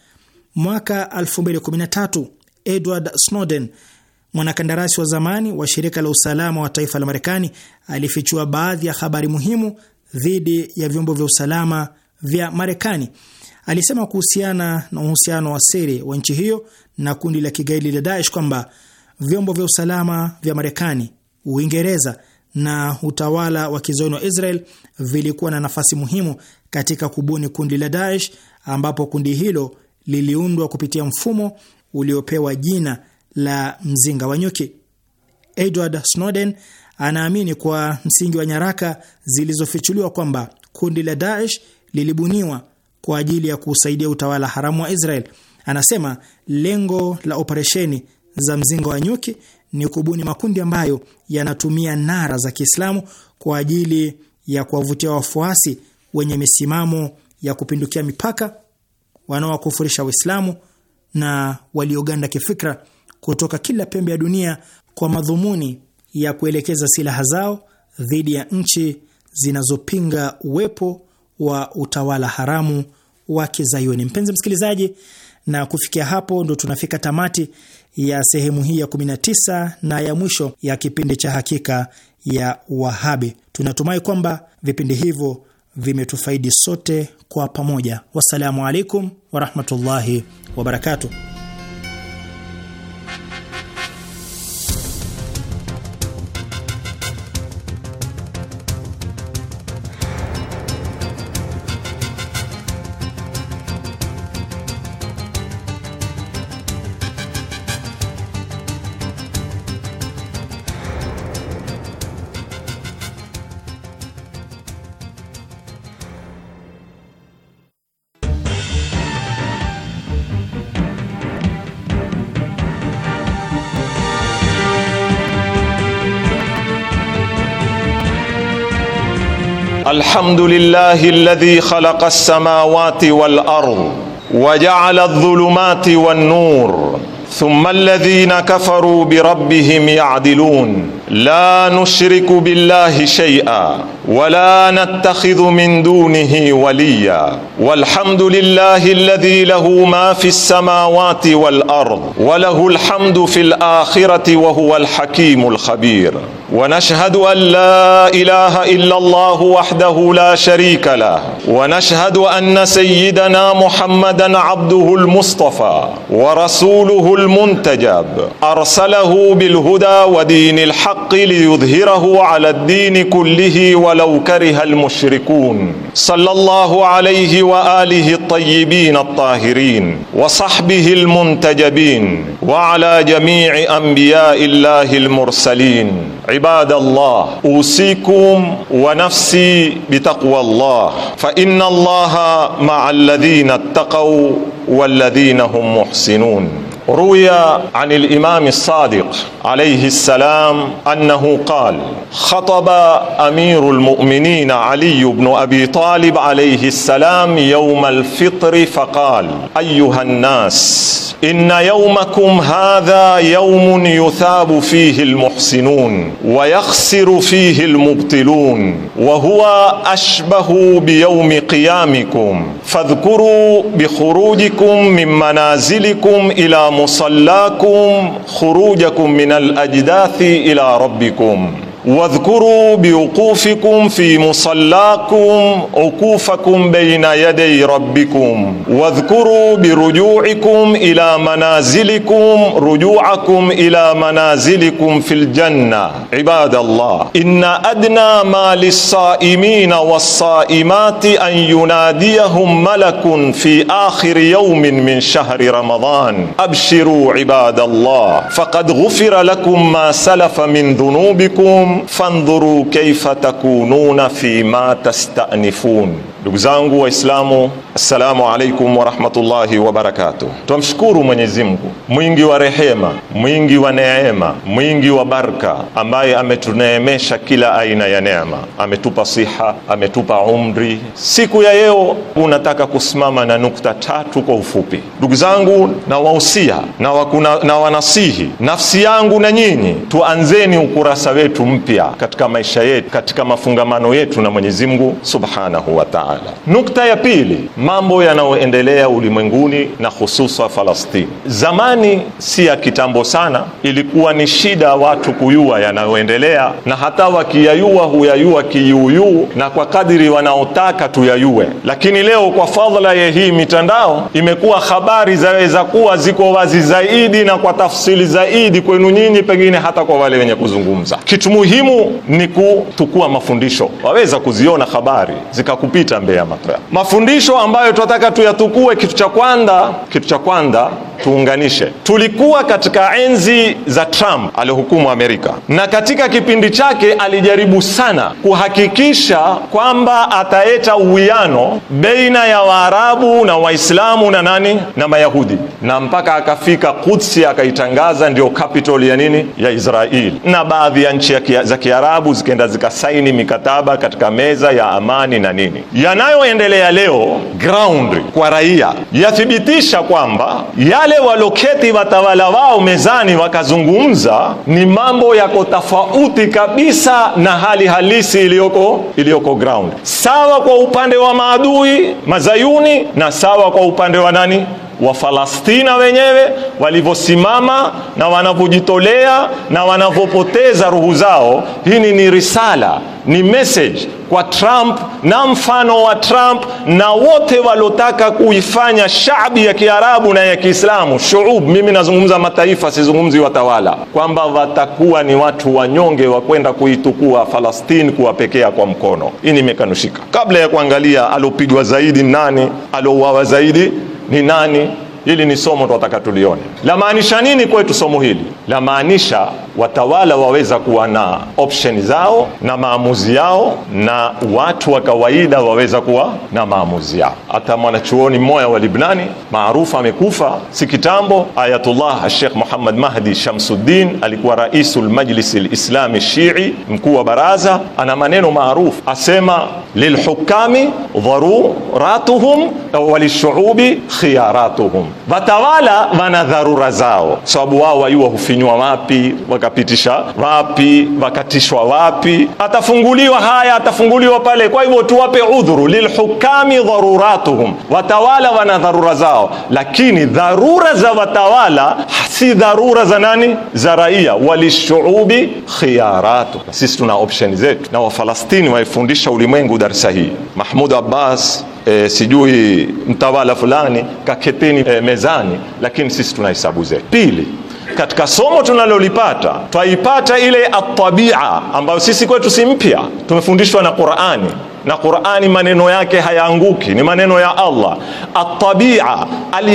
Speaker 4: Mwaka 2013 Edward Snowden, mwanakandarasi wa zamani wa shirika la usalama wa taifa la Marekani, alifichua baadhi ya habari muhimu dhidi ya vyombo vya usalama vya Marekani. Alisema kuhusiana na uhusiano wa siri wa nchi hiyo na kundi la kigaidi la Daesh kwamba vyombo vya usalama vya Marekani, Uingereza na utawala wa kizoni wa Israel vilikuwa na nafasi muhimu katika kubuni kundi la Daesh, ambapo kundi hilo liliundwa kupitia mfumo uliopewa jina la mzinga wa nyuki. Edward Snowden anaamini kwa msingi wa nyaraka zilizofichuliwa kwamba kundi la Daesh lilibuniwa kwa ajili ya kuusaidia utawala haramu wa Israel. Anasema lengo la operesheni za mzinga wa nyuki ni kubuni makundi ambayo yanatumia nara za Kiislamu kwa ajili ya kuwavutia wafuasi wenye misimamo ya kupindukia mipaka, wanaowakufurisha Waislamu na walioganda kifikra kutoka kila pembe ya dunia kwa madhumuni ya kuelekeza silaha zao dhidi ya nchi zinazopinga uwepo wa utawala haramu wa Kizayuni. Mpenzi msikilizaji, na kufikia hapo ndo tunafika tamati ya sehemu hii ya 19 na ya mwisho ya kipindi cha Hakika ya Wahabi. Tunatumai kwamba vipindi hivyo vimetufaidi sote kwa pamoja. Wassalamu alaikum warahmatullahi wabarakatuh.
Speaker 5: الحمد لله الذي خلق السماوات والارض وجعل الظلمات والنور ثم الذين كفروا بربهم يعدلون لا نشرك بالله شيئا ولا نتخذ من دونه وليا والحمد لله الذي له ما في السماوات والارض وله الحمد في الاخره وهو الحكيم الخبير ونشهد ان لا اله الا الله وحده لا شريك له ونشهد ان سيدنا محمدا عبده المصطفى ورسوله المنتجب ارسله بالهدى ودين الحق الحق ليظهره على الدين كله ولو كره المشركون صلى الله عليه واله الطيبين الطاهرين وصحبه المنتجبين وعلى جميع انبياء الله المرسلين عباد الله اوصيكم ونفسي بتقوى الله فان الله مع الذين اتقوا والذين هم محسنون روي عن الإمام الصادق عليه السلام أنه قال خطب أمير المؤمنين علي بن أبي طالب عليه السلام يوم الفطر فقال أيها الناس إن يومكم هذا يوم يثاب فيه المحسنون ويخسر فيه المبطلون وهو أشبه بيوم قيامكم فاذكروا بخروجكم من منازلكم إلى مصلاكم خروجكم من الأجداث إلى ربكم واذكروا بوقوفكم في مصلاكم وقوفكم بين يدي ربكم واذكروا برجوعكم الى منازلكم رجوعكم الى منازلكم في الجنه عباد الله ان ادنى ما للصائمين والصائمات ان يناديهم ملك في اخر يوم من شهر رمضان ابشروا عباد الله فقد غفر لكم ما سلف من ذنوبكم فانظروا كيف تكونون فيما تستأنفون Ndugu zangu Waislamu, assalamu alaikum warahmatullahi wabarakatuh. Twamshukuru Mwenyezi Mungu mwingi wa rehema, mwingi wa neema, mwingi wa baraka, ambaye ametuneemesha kila aina ya neema, ametupa siha, ametupa umri. Siku ya leo unataka kusimama na nukta tatu kwa ufupi. Ndugu zangu, na wausia na, wakuna, na wanasihi nafsi yangu na nyinyi, tuanzeni ukurasa wetu mpya katika maisha yetu, katika mafungamano yetu na Mwenyezi Mungu subhanahu wataala taala. Nukta ya pili, mambo yanayoendelea ulimwenguni na hususa Falastini. Zamani si ya kitambo sana, ilikuwa ni shida watu kuyua yanayoendelea, na hata wakiyayua huyayua kiyuyuu na kwa kadiri wanaotaka tuyayue, lakini leo kwa fadhila ya hii mitandao imekuwa habari zaweza kuwa ziko wazi zaidi na kwa tafsili zaidi kwenu nyinyi, pengine hata kwa wale wenye kuzungumza. Kitu muhimu ni kutukua mafundisho, waweza kuziona habari zikakupita mbea yako. Mafundisho ambayo tunataka tuyatukue, kitu cha kwanza, kitu cha kwanza tuunganishe. Tulikuwa katika enzi za Trump alihukumu Amerika, na katika kipindi chake alijaribu sana kuhakikisha kwamba ataeta uwiano baina ya Waarabu na Waislamu na nani na Mayahudi, na mpaka akafika Kudsi akaitangaza ndio capital ya nini ya Israeli, na baadhi ya nchi za Kiarabu zikaenda zikasaini mikataba katika meza ya amani na nini. Yanayoendelea leo ground kwa raia yathibitisha kwamba yale wale waloketi watawala wao mezani wakazungumza, ni mambo yako tofauti kabisa na hali halisi iliyoko iliyoko ground. Sawa kwa upande wa maadui mazayuni na sawa kwa upande wa nani Wafalastina wenyewe walivyosimama na wanavyojitolea na wanavyopoteza ruhu zao. hini ni risala, ni message kwa Trump na mfano wa Trump na wote walotaka kuifanya shabi ya Kiarabu na ya Kiislamu, shuub. Mimi nazungumza mataifa, sizungumzi watawala, kwamba watakuwa ni watu wanyonge wa kwenda kuitukua Falastini kuwapekea kwa mkono. Hii nimekanushika, kabla ya kuangalia alopigwa zaidi nani, alouawa zaidi ni nani Hili ni somo tunataka tulione, lamaanisha nini kwetu somo hili? Lamaanisha watawala waweza kuwa na option zao na maamuzi yao, na watu wa kawaida waweza kuwa na maamuzi yao. Hata mwanachuoni mmoja wa Libnani maarufu amekufa si kitambo, Ayatullah Sheikh Muhammad Mahdi Shamsuddin, alikuwa raisul majlis lislami shii, mkuu wa baraza. Ana maneno maarufu asema, lilhukami dharuratuhum walishuubi khiyaratuhum Watawala wana dharura zao, sababu wao wajua hufinywa wapi, wakapitisha wapi, wakatishwa wapi, atafunguliwa haya, atafunguliwa pale. Kwa hivyo tuwape udhuru, lilhukami dharuratuhum, watawala wana dharura zao, lakini dharura za watawala si dharura za nani? Za raia. Walishuubi khiyaratu, sisi tuna option zetu, na Wafalastini waifundisha ulimwengu darsa hii. Mahmud Abbas e, sijui mtawala fulani kaketini e, eh, mezani, lakini sisi tuna hesabu zetu. Pili, katika somo tunalolipata twaipata ile atabia ambayo sisi kwetu si mpya, tumefundishwa na Qur'ani na Qur'ani maneno yake hayaanguki, ni maneno ya Allah. At-tabia al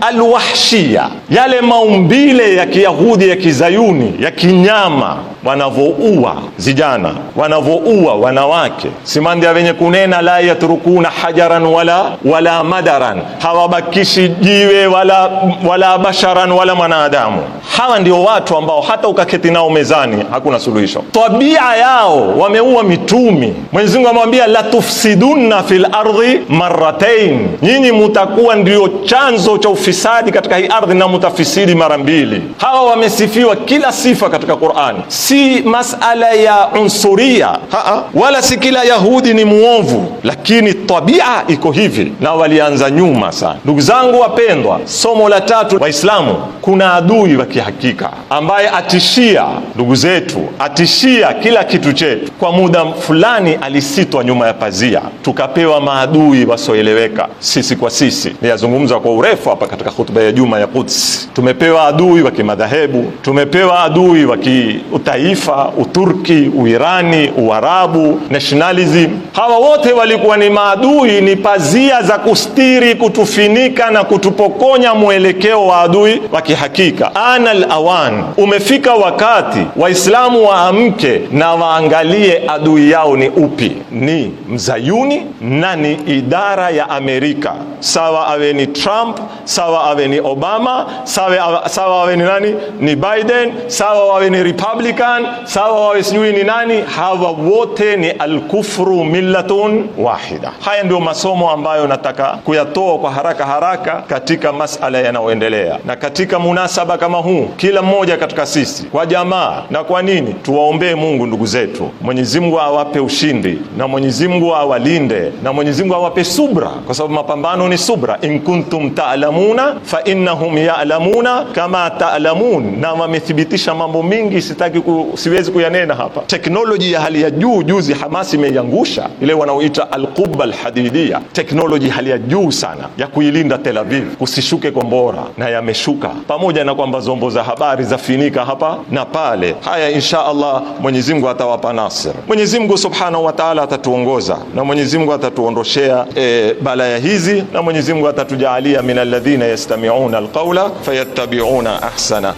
Speaker 5: alwahshia as al yale maumbile ya Kiyahudi ya Kizayuni ya kinyama, wanavoua zijana, wanavoua wanawake, simandia wenye kunena la yatrukuna hajaran wala wala madaran, hawabakishi jiwe wala wala basharan wala mwanadamu. Hawa ndio watu ambao hata ukaketi nao mezani hakuna suluhisho. Tabia yao wameua mitumi Mwenyezi Mungu amwambia la tufsiduna fil ardhi marratain, nyinyi mutakuwa ndio chanzo cha ufisadi katika hii ardhi na mutafisidi mara mbili. Hawa wamesifiwa kila sifa katika Qur'ani, si masala ya unsuria haa, wala si kila Yahudi ni muovu, lakini tabia iko hivi na walianza nyuma sana. Ndugu zangu wapendwa, somo la tatu, Waislamu, kuna adui wa kihakika ambaye atishia ndugu zetu, atishia kila kitu chetu kwa muda fulani alisitwa nyuma ya pazia, tukapewa maadui wasioeleweka sisi kwa sisi. Niyazungumza kwa urefu hapa katika hutuba ya Juma ya Quds. Tumepewa adui wa kimadhahebu, tumepewa adui wa kiutaifa, Uturki, Uirani, Uarabu, nationalism. Hawa wote walikuwa ni maadui, ni pazia za kustiri, kutufinika na kutupokonya mwelekeo wa adui wa kihakika. Anal awan, umefika wakati Waislamu waamke na waangalie Waangalie adui yao ni upi, ni mzayuni na ni idara ya Amerika, sawa awe ni Trump, sawa awe ni Obama, sawa, sawa awe ni nani, ni Biden, sawa wawe ni Republican, sawa wawe sijui ni nani, hawa wote ni alkufru millatun wahida. Haya ndio masomo ambayo nataka kuyatoa kwa haraka haraka katika masala yanayoendelea, na katika munasaba kama huu, kila mmoja katika sisi kwa jamaa na kwa nini tuwaombee Mungu ndugu zetu. Mwenyezi Mungu awape ushindi na Mwenyezi Mungu awalinde na Mwenyezi Mungu awape subra, kwa sababu mapambano ni subra. In kuntum ta'lamuna fa innahum ya'lamuna kama ta'lamun. Na wamethibitisha mambo mingi, sitaki ku, siwezi kuyanena hapa. Teknoloji ya hali ya juu, juzi hamasi imeiangusha ile wanaoita alquba alhadidia, teknoloji hali ya juu sana ya kuilinda Tel Aviv kusishuke kombora, na yameshuka, pamoja na kwamba zombo za habari zafinika hapa na pale. Haya, insha Allah Mwenyezi Mungu atawapa nasi muasir. Mwenyezi Mungu Subhanahu wa Ta'ala atatuongoza na Mwenyezi Mungu atatuondoshea e, balaya hizi na Mwenyezi Mungu atatujaalia min alladhina yastami'una alqawla fayattabi'una ahsana.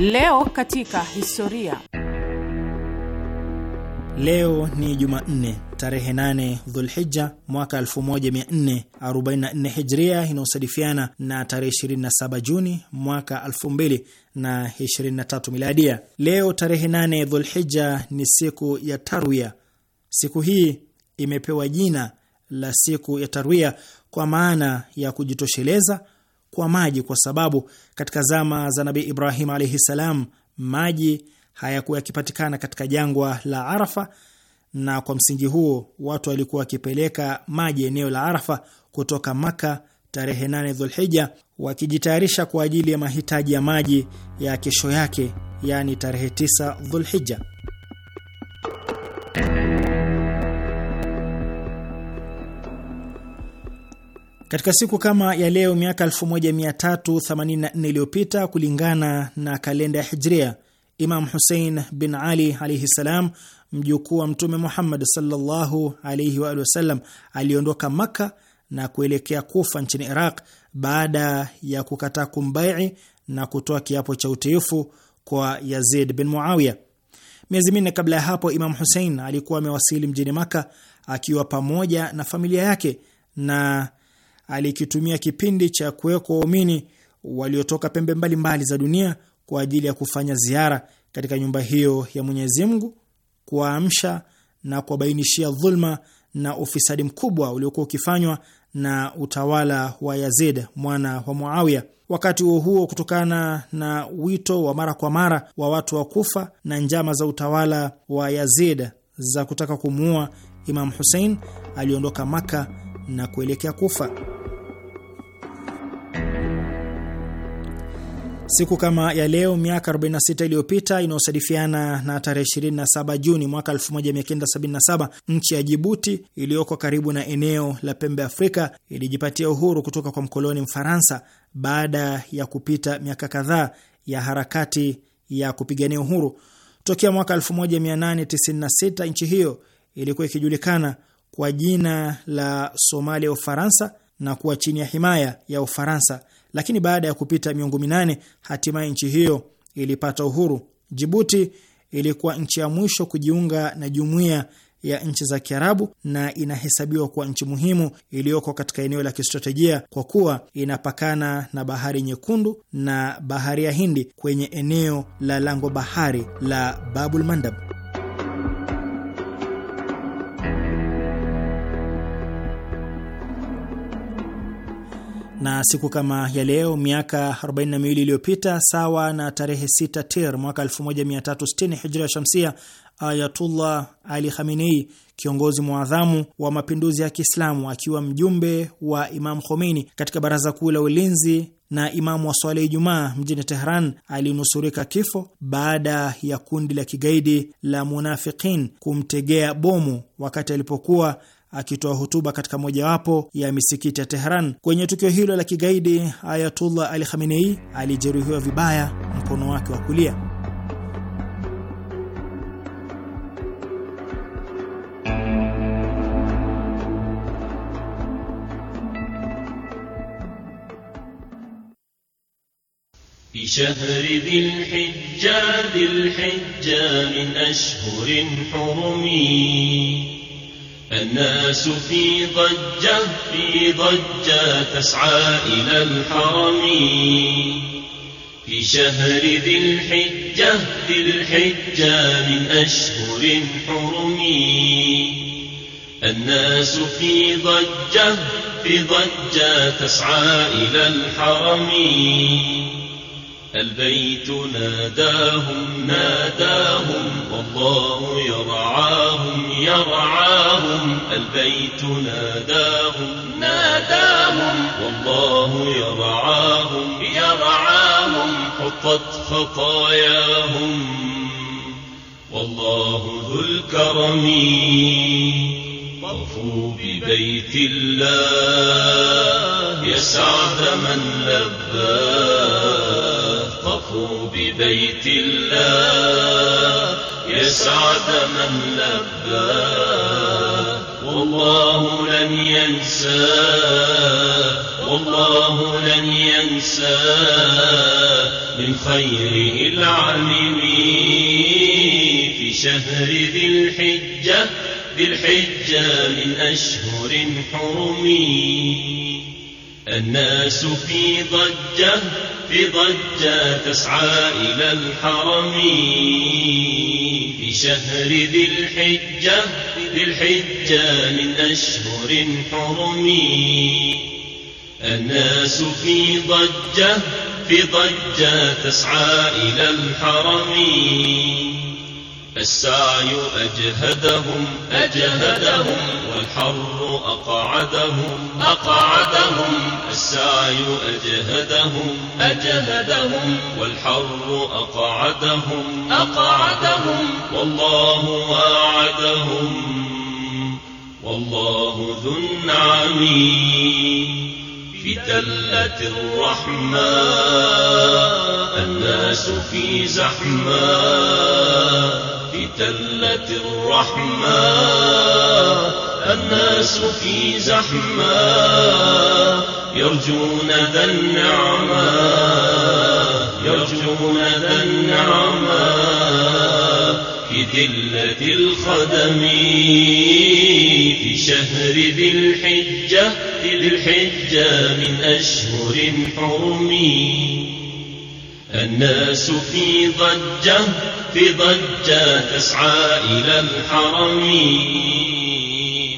Speaker 2: Leo katika historia.
Speaker 4: Leo ni Jumanne tarehe 8 Dhulhija mwaka 1444 Hijria, inayosadifiana na tarehe 27 Juni mwaka 2023 Miladia. Leo tarehe 8 Dhulhija ni siku ya Tarwia. Siku hii imepewa jina la siku ya Tarwia kwa maana ya kujitosheleza kwa maji, kwa sababu katika zama za Nabii Ibrahim alaihi salam maji hayakuwa yakipatikana katika jangwa la Arafa, na kwa msingi huo watu walikuwa wakipeleka maji eneo la Arafa kutoka Maka tarehe 8 Dhulhija, wakijitayarisha kwa ajili ya mahitaji ya maji ya kesho yake, yaani tarehe 9 Dhulhija. Katika siku kama ya leo miaka 1384 iliyopita kulingana na kalenda ya Hijria, Imam Husein bin Ali alaihi ssalam, mjukuu wa Mtume Muhammad sallallahu alaihi wa alihi wasallam, aliondoka Makka na kuelekea Kufa nchini Iraq baada ya kukataa kumbaii na kutoa kiapo cha utiifu kwa Yazid bin Muawiya. Miezi minne kabla ya hapo, Imam Husein alikuwa amewasili mjini Makka akiwa pamoja na familia yake na alikitumia kipindi cha kuwekwa waumini waliotoka pembe mbalimbali mbali za dunia kwa ajili ya kufanya ziara katika nyumba hiyo ya Mwenyezi Mungu, kuwaamsha na kuwabainishia dhulma na ufisadi mkubwa uliokuwa ukifanywa na utawala wa Yazid mwana wa Muawiya. Wakati huo huo, kutokana na wito wa mara kwa mara wa watu wa Kufa na njama za utawala wa Yazid za kutaka kumuua Imam Husein, aliondoka Maka na kuelekea Kufa. Siku kama ya leo miaka 46 iliyopita inayosadifiana na tarehe 27 Juni mwaka 1977, nchi ya Jibuti iliyoko karibu na eneo la pembe Afrika ilijipatia uhuru kutoka kwa mkoloni Mfaransa baada ya kupita miaka kadhaa ya harakati ya kupigania uhuru. Tokea mwaka 1896 nchi hiyo ilikuwa ikijulikana kwa jina la Somalia ya Ufaransa na kuwa chini ya himaya ya Ufaransa lakini baada ya kupita miongo minane hatimaye nchi hiyo ilipata uhuru. Jibuti ilikuwa nchi ya mwisho kujiunga na jumuiya ya nchi za Kiarabu na inahesabiwa kuwa nchi muhimu iliyoko katika eneo la kistratejia kwa kuwa inapakana na Bahari Nyekundu na Bahari ya Hindi kwenye eneo la lango bahari la Babul Mandab. na siku kama ya leo miaka 42 iliyopita, sawa na tarehe 6 Tir mwaka 1360 hijria shamsia, Ayatullah Ali Khamenei, kiongozi mwadhamu wa mapinduzi ya Kiislamu, akiwa mjumbe wa Imam Khomeini katika Baraza Kuu la Ulinzi na imamu wa swala Ijumaa mjini Tehran alinusurika kifo baada ya kundi la kigaidi la munafikin kumtegea bomu wakati alipokuwa akitoa hotuba katika mojawapo ya misikiti ya Tehran. Kwenye tukio hilo la kigaidi, Ayatullah Ali Khamenei alijeruhiwa vibaya mkono wake wa kulia.
Speaker 6: بشهر ذي الحجة ذي الحجة من أشهر حرمي الناس في ضجة في ضجة تسعى إلى الحرم في شهر ذي الحجة ذي الحجة من أشهر حرم الناس في ضجة في ضجة تسعى إلى الحرم البيت ناداهم ناداهم والله يرعاهم يرعاهم البيت ناداهم ناداهم والله يرعاهم يرعاهم حطت خطاياهم والله ذو الكرم طفوا ببيت الله يسعد من لباه بيت الله يسعد من لبى والله لن ينسى والله لن ينسى من خيره العميم في شهر ذي الحجة ذي الحجة من أشهر حرم الناس في ضجة في ضجة تسعى إلى الحرم في شهر ذي الحجة ذي الحجة من أشهر حرم الناس في ضجة في ضجة تسعى إلى الحرم السعي أجهدهم أجهدهم والحر أقعدهم أقعدهم السعي أجهدهم أجهدهم والحر أقعدهم أقعدهم والله واعدهم والله ذو النعم في تلة الرحمة الناس في زحمه في تلة الرحمة الناس في زحمة يرجون ذا النعمة يرجون ذا النعمة في ذلة الخدم في شهر ذي الحجة ذي الحجة من أشهر حرم الناس في ضجة في ضجة تسعى إلى الحرم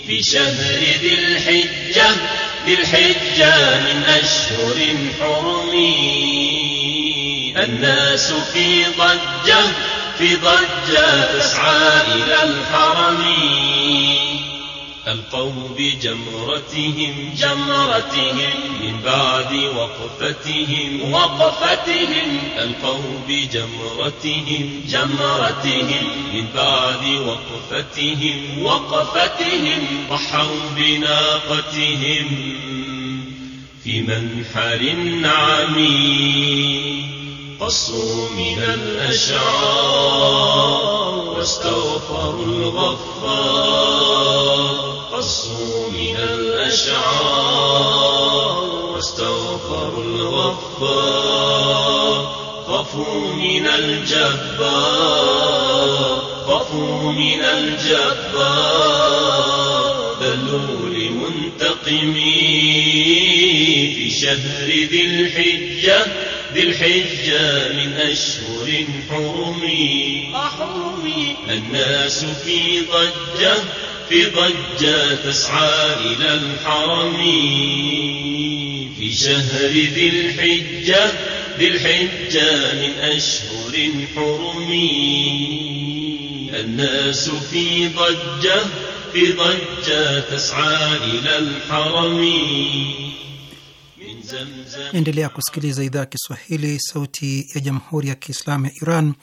Speaker 6: في شهر ذي الحجة ذي الحجة من أشهر حرم الناس في ضجة في ضجة تسعى إلى الحرم ألقوا بجمرتهم جمرتهم من بعد وقفتهم وقفتهم ألقوا بجمرتهم جمرتهم من بعد وقفتهم وقفتهم ضحوا بناقتهم في منحر عميق قصوا من الأشعار واستغفروا الغفار قصوا من الأشعار واستغفروا الغفار قفوا من الجبار قفوا من الجبار بلوا لمنتقمي في شهر ذي الحجه ذي الحجة من أشهر حرمي أحرمي الناس في ضجة في ضجة تسعى إلى الحرم في شهر ذي الحجة ذي الحجة من أشهر حرمي الناس في ضجة في ضجة تسعى إلى الحرم
Speaker 3: Naendelea kusikiliza idhaa ya Kiswahili, sauti ya jamhuri ya kiislamu ya Iran.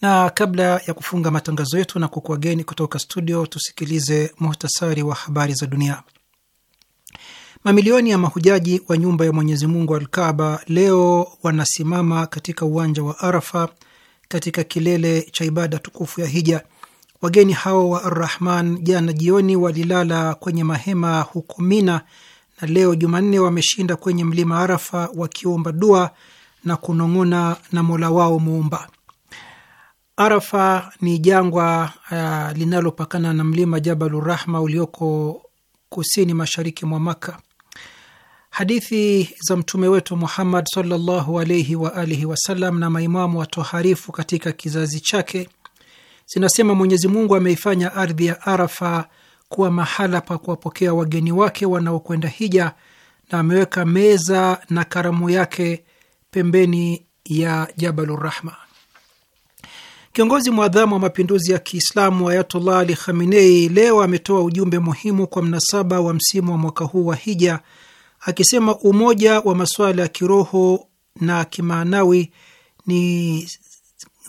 Speaker 3: Na kabla ya kufunga matangazo yetu na kukuwageni kutoka studio, tusikilize muhtasari wa habari za dunia. Mamilioni ya mahujaji wa nyumba ya Mwenyezi Mungu leo wanasimama katika uwanja wa Arafa katika kilele cha ibada tukufu ya hija. Wageni hao wa Arrahman jana jioni walilala kwenye mahema huko Mina na leo Jumanne wameshinda kwenye mlima Arafa wakiomba dua na kunong'ona na mola wao Muumba. Arafa ni jangwa uh, linalopakana na mlima Jabalurrahma ulioko kusini mashariki mwa Maka. Hadithi za mtume wetu Muhammad sallallahu alaihi wa alihi wasallam na maimamu watoharifu katika kizazi chake zinasema Mwenyezi Mungu ameifanya ardhi ya Arafa kuwa mahala pa kuwapokea wageni wake wanaokwenda hija na ameweka meza na karamu yake pembeni ya Jabalurrahma. Kiongozi mwadhamu wa mapinduzi ya Kiislamu Ayatullah Ali Khamenei leo ametoa ujumbe muhimu kwa mnasaba wa msimu wa mwaka huu wa hija, akisema umoja wa masuala ya kiroho na kimaanawi ni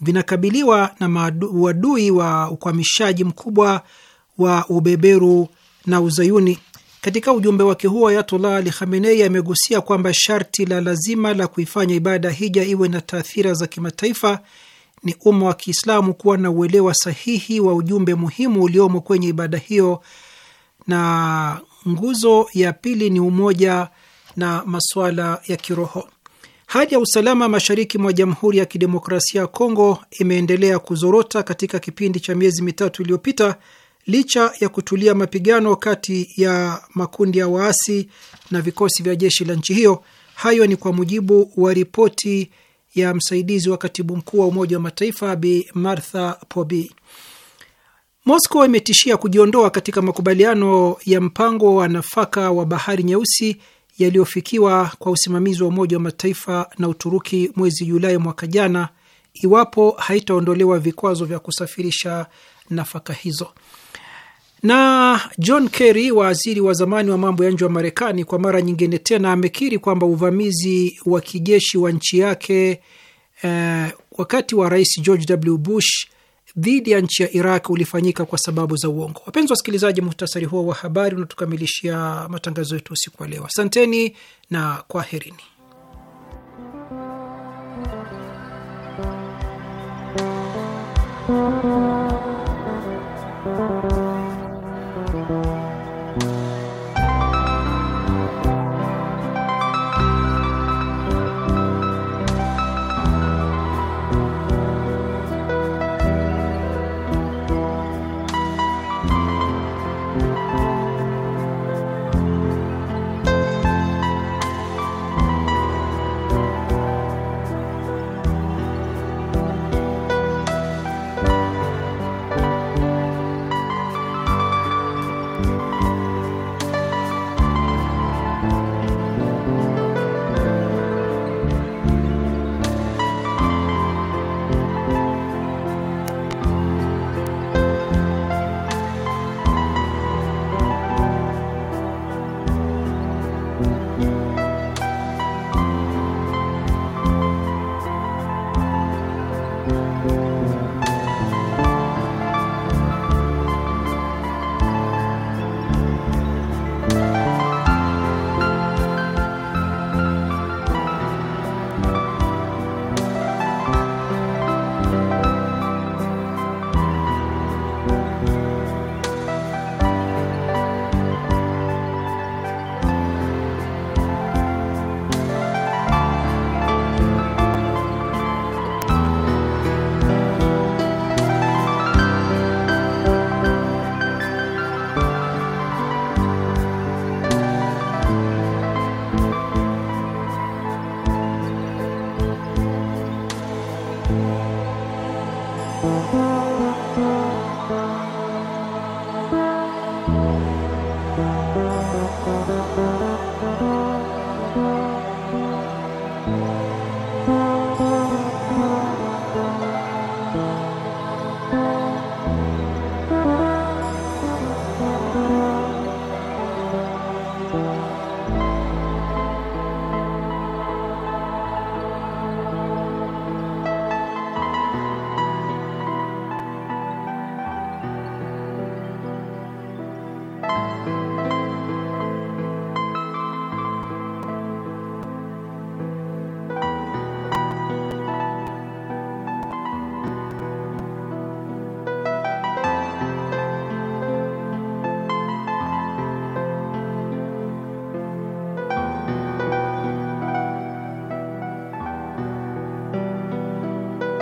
Speaker 3: vinakabiliwa na wadui wa ukwamishaji mkubwa wa ubeberu na Uzayuni. Katika ujumbe wake huo, Ayatollah Ali Khamenei amegusia kwamba sharti la lazima la kuifanya ibada hija iwe na taathira za kimataifa ni umma wa Kiislamu kuwa na uelewa sahihi wa ujumbe muhimu uliomo kwenye ibada hiyo, na nguzo ya pili ni umoja na masuala ya kiroho. Hali ya usalama mashariki mwa Jamhuri ya Kidemokrasia ya Kongo imeendelea kuzorota katika kipindi cha miezi mitatu iliyopita Licha ya kutulia mapigano kati ya makundi ya waasi na vikosi vya jeshi la nchi hiyo. Hayo ni kwa mujibu wa ripoti ya msaidizi wa katibu mkuu wa Umoja wa Mataifa Bi Martha Pobi. Moscow imetishia kujiondoa katika makubaliano ya mpango wa nafaka wa Bahari Nyeusi yaliyofikiwa kwa usimamizi wa Umoja wa Mataifa na Uturuki mwezi Julai mwaka jana iwapo haitaondolewa vikwazo vya kusafirisha nafaka hizo. Na John Kerry, waziri wa zamani wa mambo ya nje wa Marekani, kwa mara nyingine tena amekiri kwamba uvamizi wa kijeshi wa nchi yake eh, wakati wa Rais George W. Bush dhidi ya nchi ya Iraq ulifanyika kwa sababu za uongo. Wapenzi wasikilizaji, muhtasari huo wa habari unatukamilishia matangazo yetu usiku wa leo. Asanteni na kwaherini.